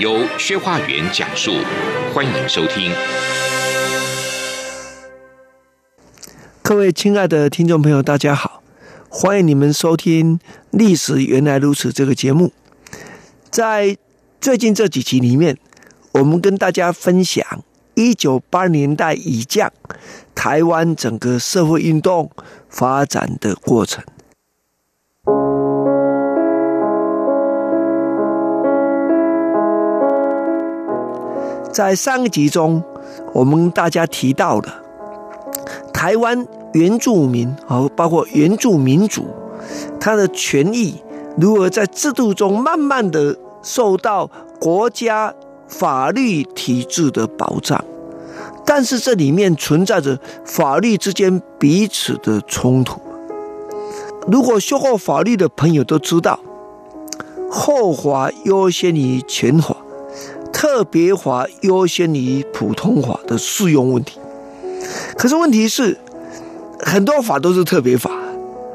由薛化元講述，歡迎收聽。各位親愛的聽眾朋友，大家好，歡迎你們收聽《歷史原來如此》這個節目。在最近這幾集裡面，我們跟大家分享一九八零年代以降台灣整個社會運動發展的過程。在上一集中，我們大家提到了台灣原住民，和包括原住民族，他的權益如何在制度中慢慢的受到國家法律體制的保障，但是這裡面存在着法律之間彼此的衝突。如果學過法律的朋友都知道，後法優先於前法。特別法優先於普通法的適用問題，可是問題是，很多法都是特別法，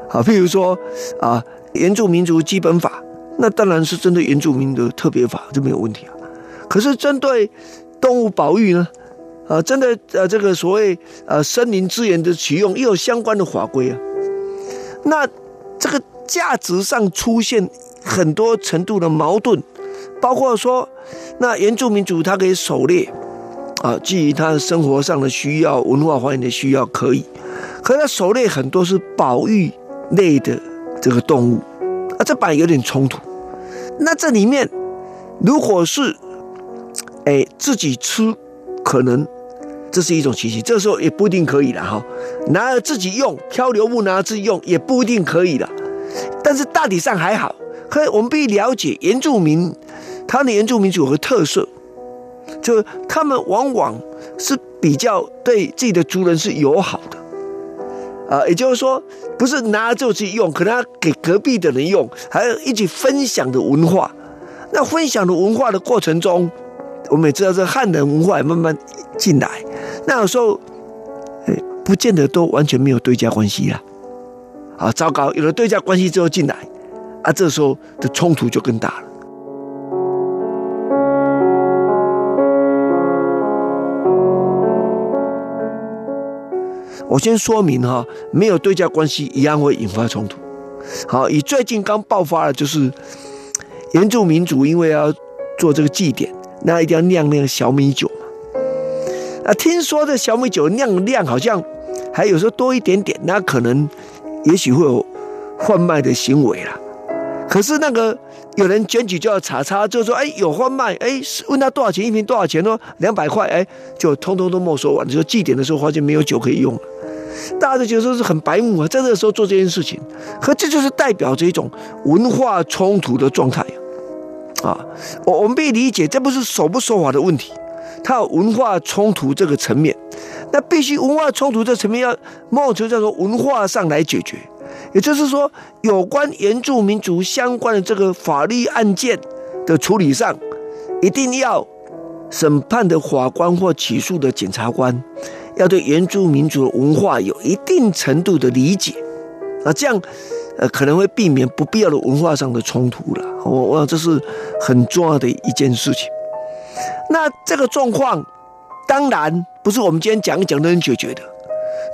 啊，譬如說啊，原住民族基本法，那當然是針對原住民的特別法，就沒有問題啊。可是針對動物保育呢，啊，針對啊這個所謂啊森林資源的取用，也有相關的法規啊。那這個價值上出現很多程度的矛盾。包括說，那原住民族他可以狩獵，啊，基於他生活上的需要、文化方面的需要，可以。可是他狩獵很多是保育類的這個動物，啊，這版有點衝突。那這裡面如果是哎、欸、自己吃，可能這是一種情形，這個、時候也不一定可以了哈。拿自己用，漂流木拿自己用，也不一定可以了。但是大體上還好。可以我們必須了解原住民。他的原住民族有個特色，就是他們往往是比較對自己的族人是友好的，啊，也就是說不是拿來就自己用，可能要給隔壁的人用，還要一起分享的文化。那分享的文化的過程中，我們也知道這漢人文化也慢慢進來，那有時候，哎，不見得都完全沒有對價關係呀，啊，啊，糟糕，有了對價關係之後進來，啊，這時候的衝突就更大了。我先說明哈，沒有對價關係一樣會引發衝突。好，以最近剛爆發的，就是原住民族因為要做這個祭典，那一定要釀那個小米酒嘛。啊，聽說這小米酒釀釀好像還有時候多一點點，那可能也許會有販賣的行為啦。可是那個有人檢舉就要查查，就說哎、欸、有販賣，哎、欸、問他多少錢一瓶，多少錢咯、哦？兩百塊，哎、欸、就通通都沒收完。你說祭典的時候發現沒有酒可以用。了。大家就覺得說是很白目啊，在這個時候做這件事情，可這就是代表着一種文化衝突的狀態啊。啊我我們可以理解，這不是守不守法的問題，它有文化衝突這個層面。那必須文化衝突這個層面要謀求叫做文化上來解決，也就是說，有關原住民族相關的這個法律案件的處理上，一定要審判的法官或起訴的檢察官。要對原住民族的文化有一定程度的理解，啊，這樣，呃，可能會避免不必要的文化上的衝突了。我，我想這是很重要的一件事情。那這個狀況，當然不是我們今天講一講就能解決的。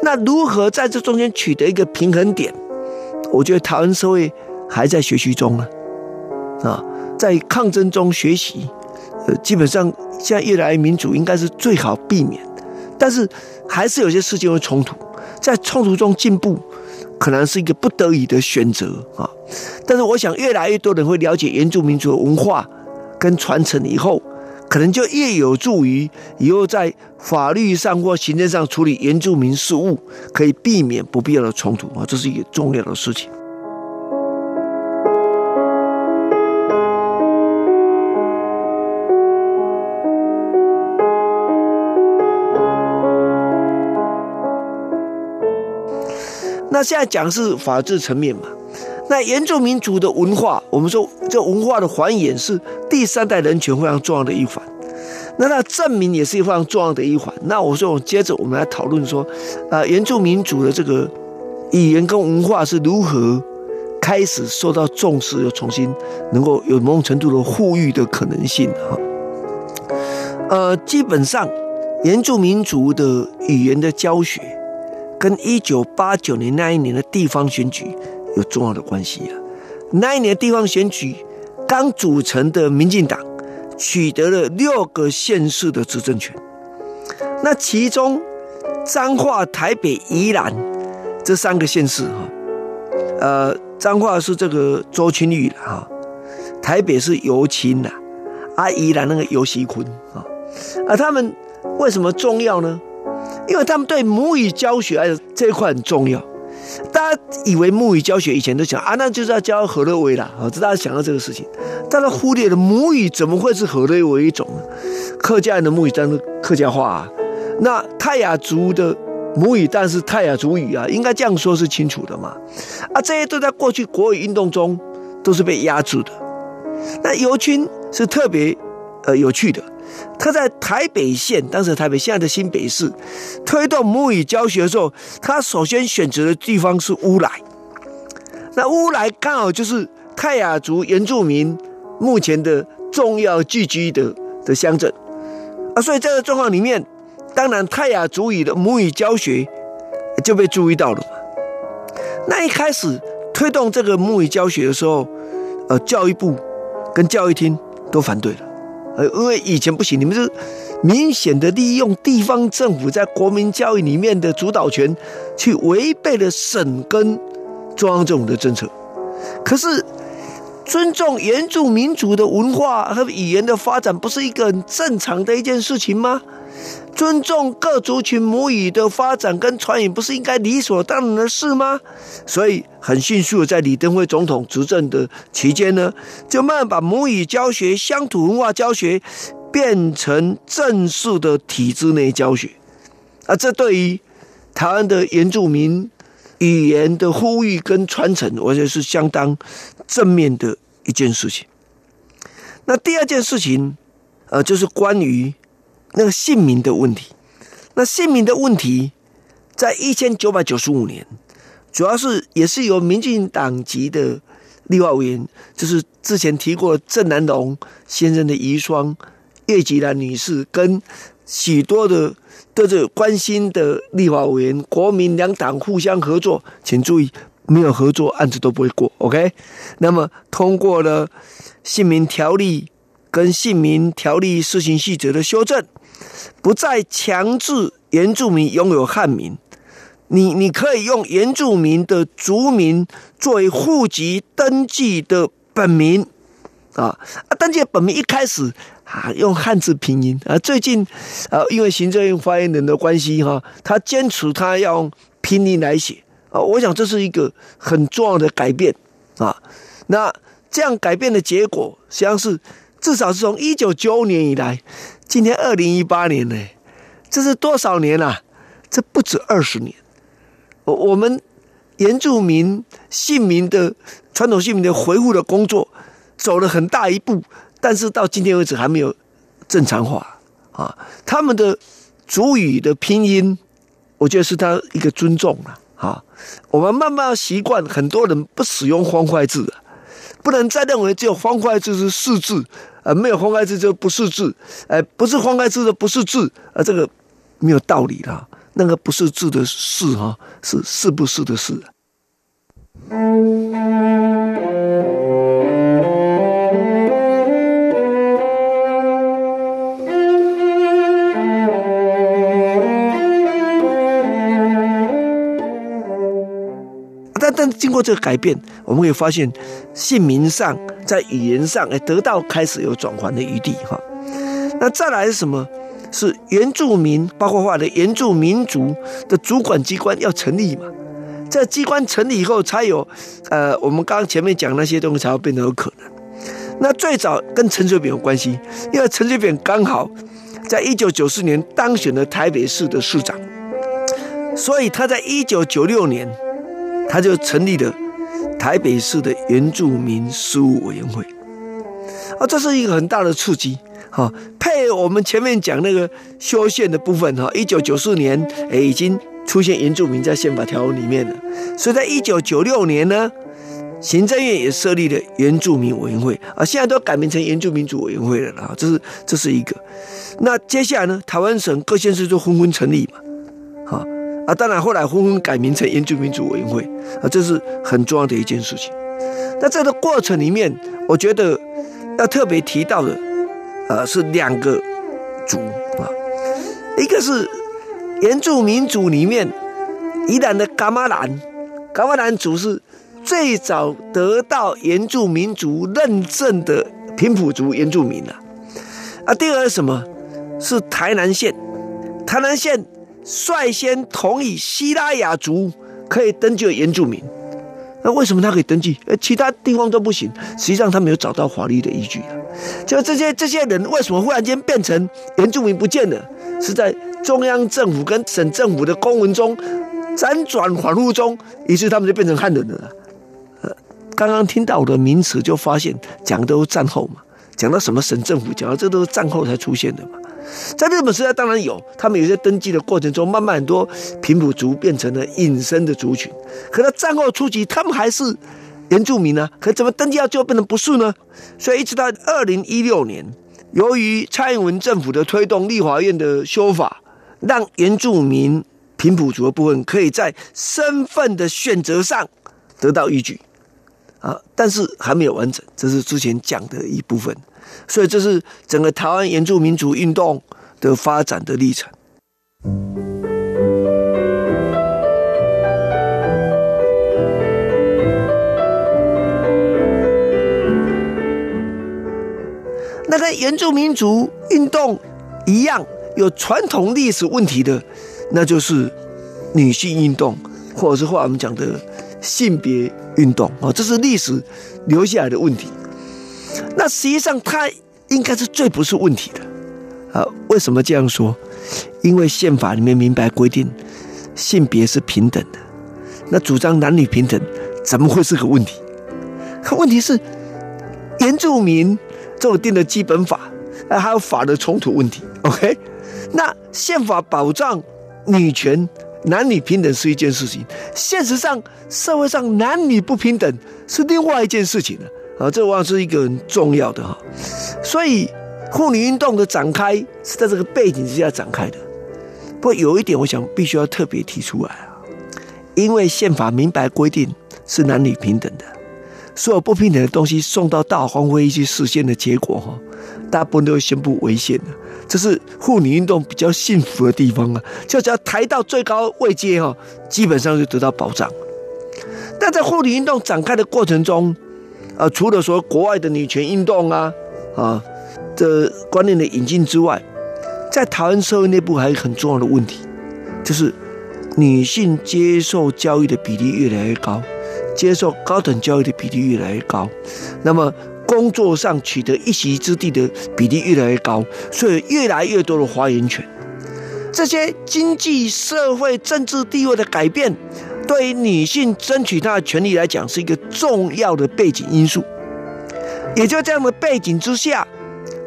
那如何在這中間取得一個平衡點？我覺得台灣社會還在學習中呢啊，在抗爭中學習。呃，基本上現在越來越民主，應該是最好避免，但是。還是有些事情會衝突，在衝突中進步，可能是一個不得已的選擇啊。但是我想，越來越多人會了解原住民族的文化跟傳承以後，可能就越有助於以後在法律上或行政上處理原住民事務，可以避免不必要的衝突啊。這是一個重要的事情。那現在講是法治層面嘛？那原住民族的文化，我們說這文化的還原是第三代人權非常重要的一環。那那證明也是非常重要的一環。那我說，接着我們來討論說，呃，原住民族的這個語言跟文化是如何開始受到重視，又重新能夠有某種程度的呼籲的可能性哈？呃，基本上原住民族的語言的教學跟一九八九年那一年的地方選舉有重要的關係啊！那一年的地方選舉，剛組成的民進黨取得了六個縣市的執政權。那其中彰化、台北、宜蘭這三個縣市哈，呃，彰化是這個周清玉哈，台北是尤清呐，啊，宜蘭那個游錫堃啊，啊，他們為什麼重要呢？因為他們對母語教學還、啊、這一塊很重要。大家以為母語教學以前都想，啊，那就是要教河洛語啦。好，這大家想到這個事情，但是忽略了母語怎麼會是河洛語一種呢？客家人的母語當然是客家話啊，那泰雅族的母語當然是泰雅族語啊，應該這樣說是清楚的嘛。啊，這些都在過去國語運動中都是被壓制的。那尤其是特別呃有趣的。他在台北縣，當時台北縣現在的新北市推動母語教學的時候，他首先選擇的地方是烏來，那烏來剛好就是泰雅族原住民目前的重要聚居的的鄉鎮啊，所以這個狀況裡面，當然泰雅族語的母語教學就被注意到了。那一開始推動這個母語教學的時候，呃，教育部跟教育廳都反對了。呃，因為以前不行，你們是明顯的利用地方政府在國民教育裡面的主導權，去違背了省跟中央政府的政策。可是尊重原住民族的文化和語言的發展，不是一個很正常的一件事情嗎？尊重各族群母語的發展跟傳衍，不是應該理所當然的事嗎？所以很迅速，在李登輝總統執政的期間呢，就慢慢把母語教學、鄉土文化教學，變成正式的體制內教學。啊，這對於台灣的原住民語言的呼籲跟傳承，我覺得是相當正面的一件事情。那第二件事情，呃，就是關於。那個姓名的問題，那姓名的問題，在一千九百九十五年，主要是也是由民進黨籍的立法委員，就是之前提過鄭南榕先生的遺孀葉菊蘭女士，跟許多的對此關心的立法委員，國民兩黨互相合作，請注意，沒有合作案子都不會過，OK？那麼通過了姓名條例跟姓名條例施行細則的修正。不再強制原住民擁有漢名，你你可以用原住民的族名作為戶籍登記的本名，啊啊，登記的本名一開始啊用漢字拼音，啊最近，啊，因為行政院發言人的關係哈、啊，他堅持他要用拼音來寫啊，我想這是一個很重要的改變啊，那這樣改變的結果實際上是至少是從一九九五年以來，今天二零一八年呢，這是多少年了、啊？這不止二十年。我我們原住民姓名的傳統姓名的恢復的工作走了很大一步，但是到今天為止還沒有正常化啊。他們的族語的拼音，我覺得是他一個尊重了啊，啊。我們慢慢習慣，很多人不使用方塊字，不能再認為只有方塊字是四字。啊、呃，沒有方塊字就不是字，哎、呃，不是方塊字的不是字，啊、呃，這個沒有道理了、啊。那個不是字的“是、啊”哈，是是不是的是、啊“是”。但但經過這個改變，我們會發現姓名上。在語言上，得到開始有轉圜的餘地哈。那再來是什麼？是原住民，包括化的原住民族的主管機關要成立嘛？這機關成立以後，才有呃，我們剛剛前面講那些東西，才會變得有可能。那最早跟陳水扁有關係，因為陳水扁剛好在一九九四年當選了台北市的市長，所以他在一九九六年，他就成立了。台北市的原住民事務委員會，啊，這是一個很大的刺激，哈，配合我們前面講那個修憲的部分，哈，一九九四年，哎，已經出現原住民在憲法條文裡面了，所以在一九九六年呢，行政院也設立了原住民委員會，啊，現在都改名成原住民族委員會了，啊，這是這是一個，那接下來呢，台灣省各縣市就紛紛成立嘛，啊。啊、當然，後來紛紛改名成原住民族委員會啊，這是很重要的一件事情。那在這個過程裡面，我覺得要特別提到的，呃，是兩個族啊，一個是原住民族裡面，宜蘭的噶瑪蘭，噶瑪蘭族是最早得到原住民族認證的平埔族原住民啊。啊。第二個是什麼？是台南縣，台南縣。率先同意西拉雅族可以登記為原住民，那為什麼他可以登記，而其他地方都不行？實際上，他沒有找到法律的依據。就這些這些人為什麼忽然間變成原住民不見了？是在中央政府跟省政府的公文中輾轉反覆中，於是他們就變成漢人了。呃，剛剛聽到我的名詞，就發現講的都是戰後嘛，講到什麼省政府，講到這都是戰後才出現的嘛。在日本時代當然有，他們有些登記的過程中，慢慢很多平埔族變成了隱身的族群。可到戰後初期，他們還是原住民呢、啊。可怎麼登記到最後就變成不是呢？所以一直到二零一六年，由於蔡英文政府的推動，立法院的修法，讓原住民平埔族的部分可以在身份的選擇上得到依據。啊，但是還沒有完整，這是之前講的一部分，所以這是整個台灣原住民族運動的發展的歷程。那跟原住民族運動一樣有傳統歷史問題的，那就是女性運動，或者是話我們講的。性別運動哦，這是歷史留下來的問題。那實際上它應該是最不是問題的啊？為什麼這樣說？因為憲法裡面明白規定，性別是平等的。那主張男女平等，怎麼會是個問題？可問題是，原住民這種定的基本法啊，還有法的衝突問題。OK，那憲法保障女權。男女平等是一件事情，現實上，社會上男女不平等是另外一件事情了，啊，這往往是一個很重要的哈。所以，婦女運動的展開是在這個背景之下展開的。不過有一點，我想必須要特別提出來啊，因為憲法明白規定是男女平等的。所有不平等的東西送到大法官會議去釋憲的結果，哈，大部分都會宣布違憲的。這是婦女運動比較幸福的地方啊，就只要抬到最高位階，哈，基本上就得到保障。但在婦女運動展開的過程中，呃，除了說國外的女權運動啊，啊、呃，的觀念的引進之外，在台灣社會內部還有很重要的問題，就是女性接受教育的比例越來越高。接受高等教育的比例越來越高，那麼工作上取得一席之地的比例越來越高，所以越來越多的發言權。這些經濟、社會、政治地位的改變，對於女性爭取她的權利來講，是一個重要的背景因素。也就這樣的背景之下，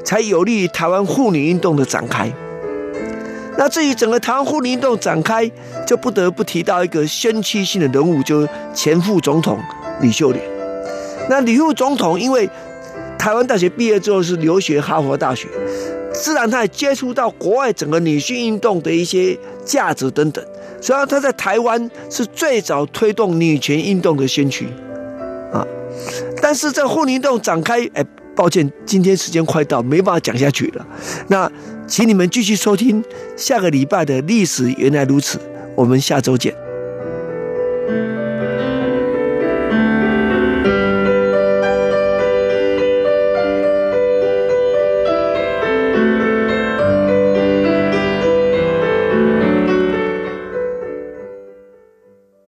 才有利於台灣婦女運動的展開。那至於整個台灣婦女運動展開，就不得不提到一個先驅性的人物，就是前副總統呂秀蓮。那呂副總統因為台灣大學畢業之後是留學哈佛大學，自然他也接觸到國外整個女性運動的一些價值等等，所以他在台灣是最早推動女權運動的先驅啊。但是在婦女運動展開，欸抱歉，今天時間快到，沒辦法講下去了。那請你們繼續收聽下個禮拜的歷史原來如此。我們下周見。